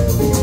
Thank you.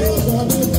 Thank you.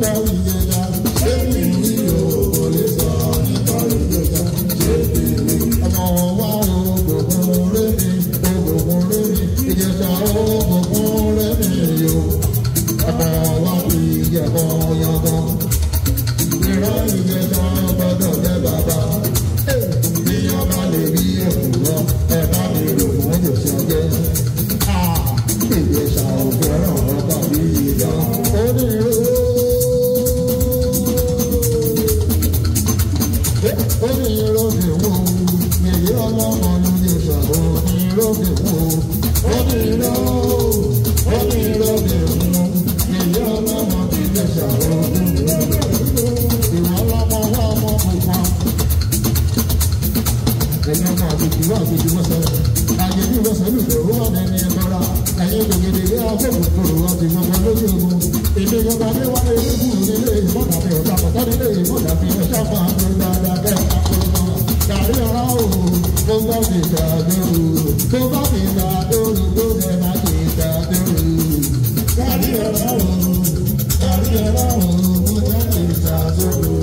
well. kọ́dílé ìmọ̀jà fi ń ṣàfà ní dáadáa kẹta tó mọ̀ kàrí ọ̀rá òru tó bá fi dàdúró tó bá fi dàdúró tó bẹ̀ má fi dàdúró. kàrí ọ̀rá òru kàrí ọ̀rá òru tó bá fi dàdúró.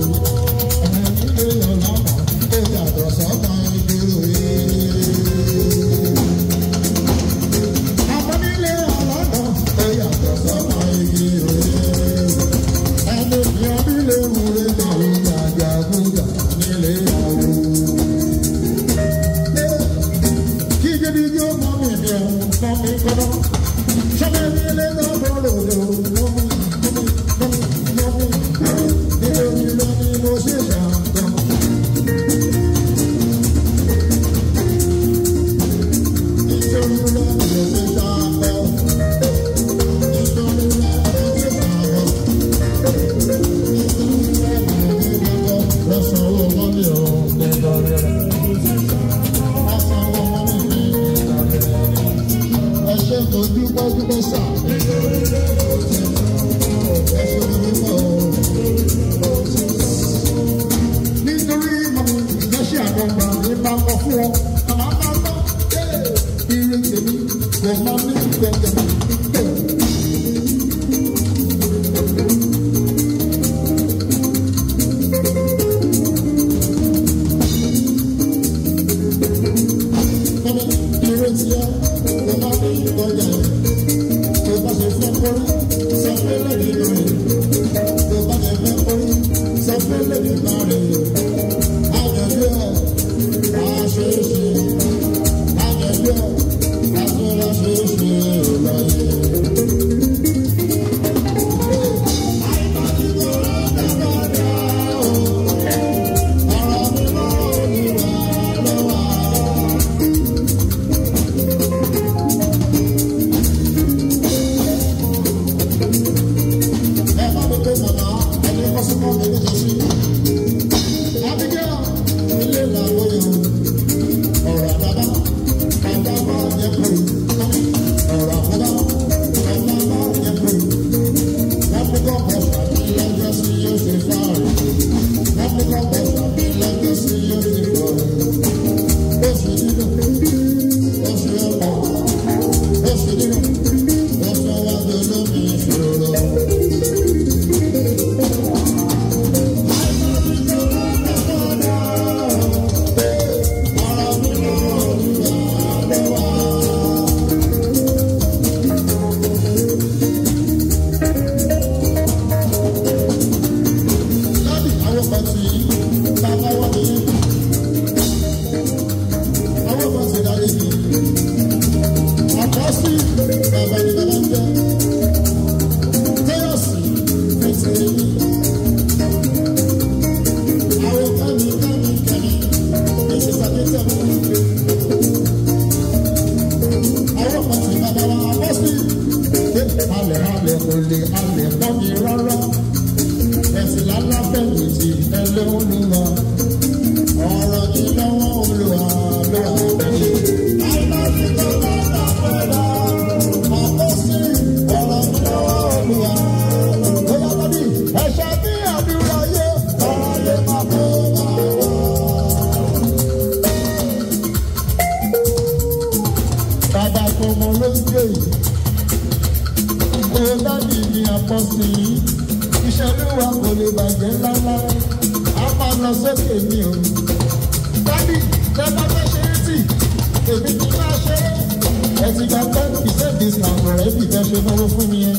sísá ọ̀rẹ́ bí tẹ́ ṣe náwó fún mi yẹn.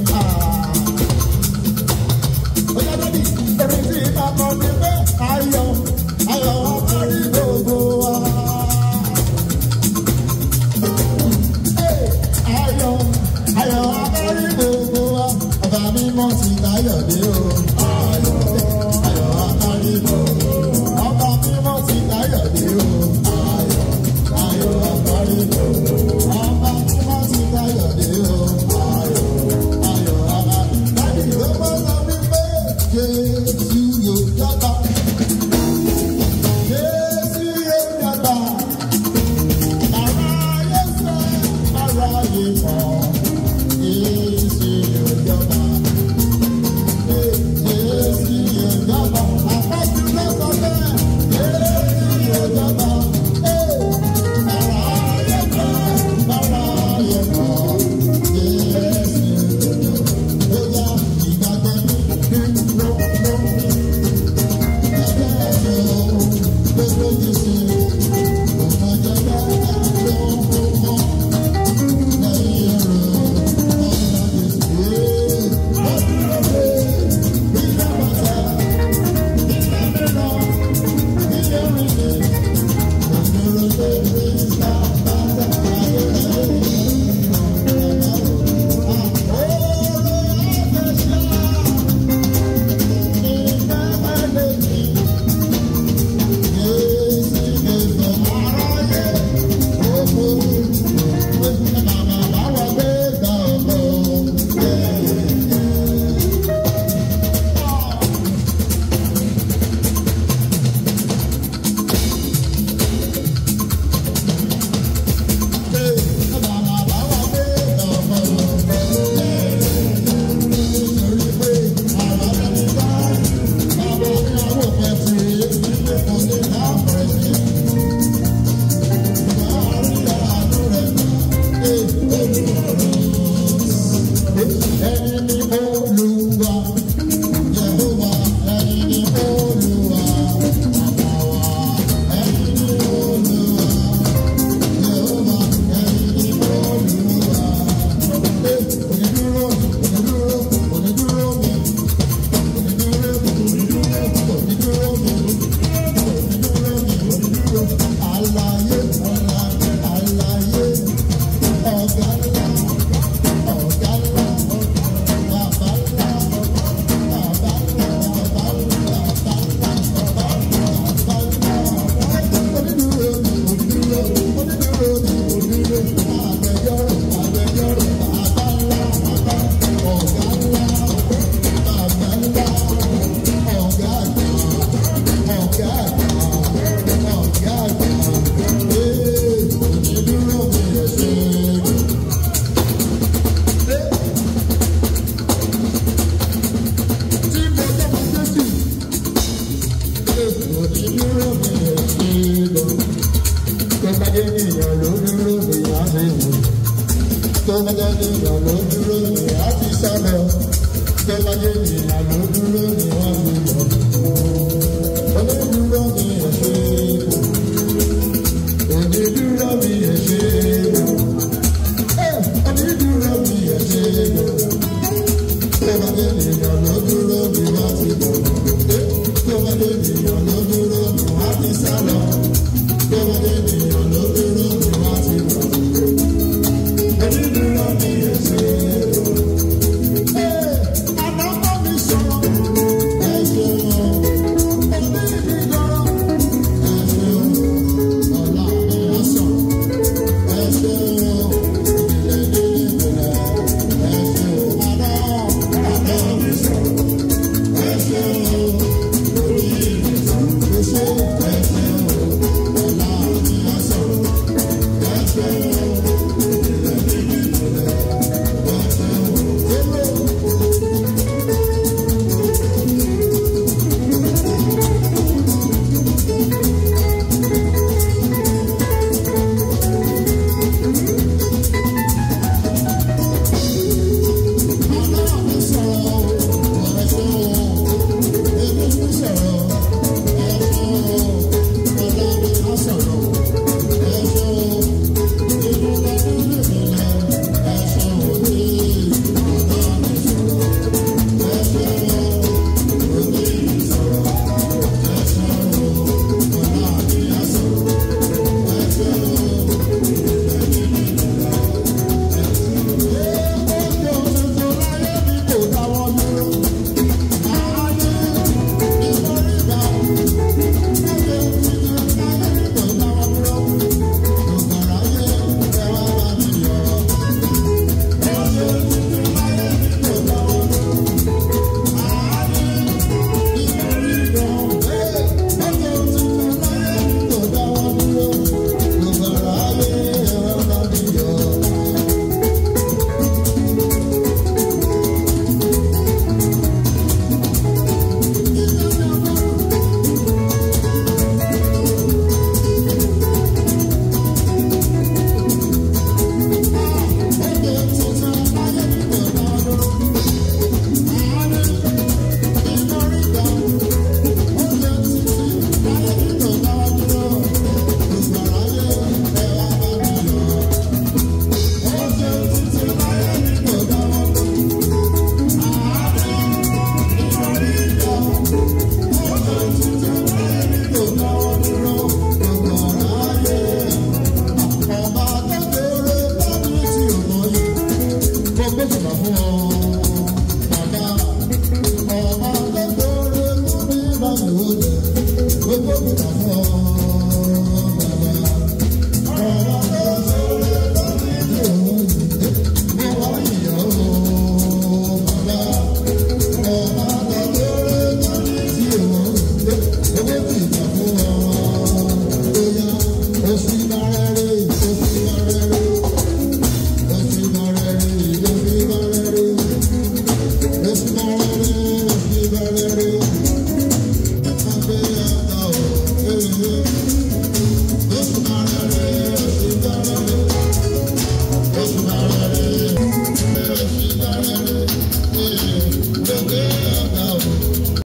Bóyá dádì, orin tí ìta kan ti pé ayọ̀, ayọ̀ wọn bá rí gbogbo wa. Ayọ̀, ayọ̀ wọn bá rí gbogbo wa. Ọba mímọ́ ti láyọ̀ dé o.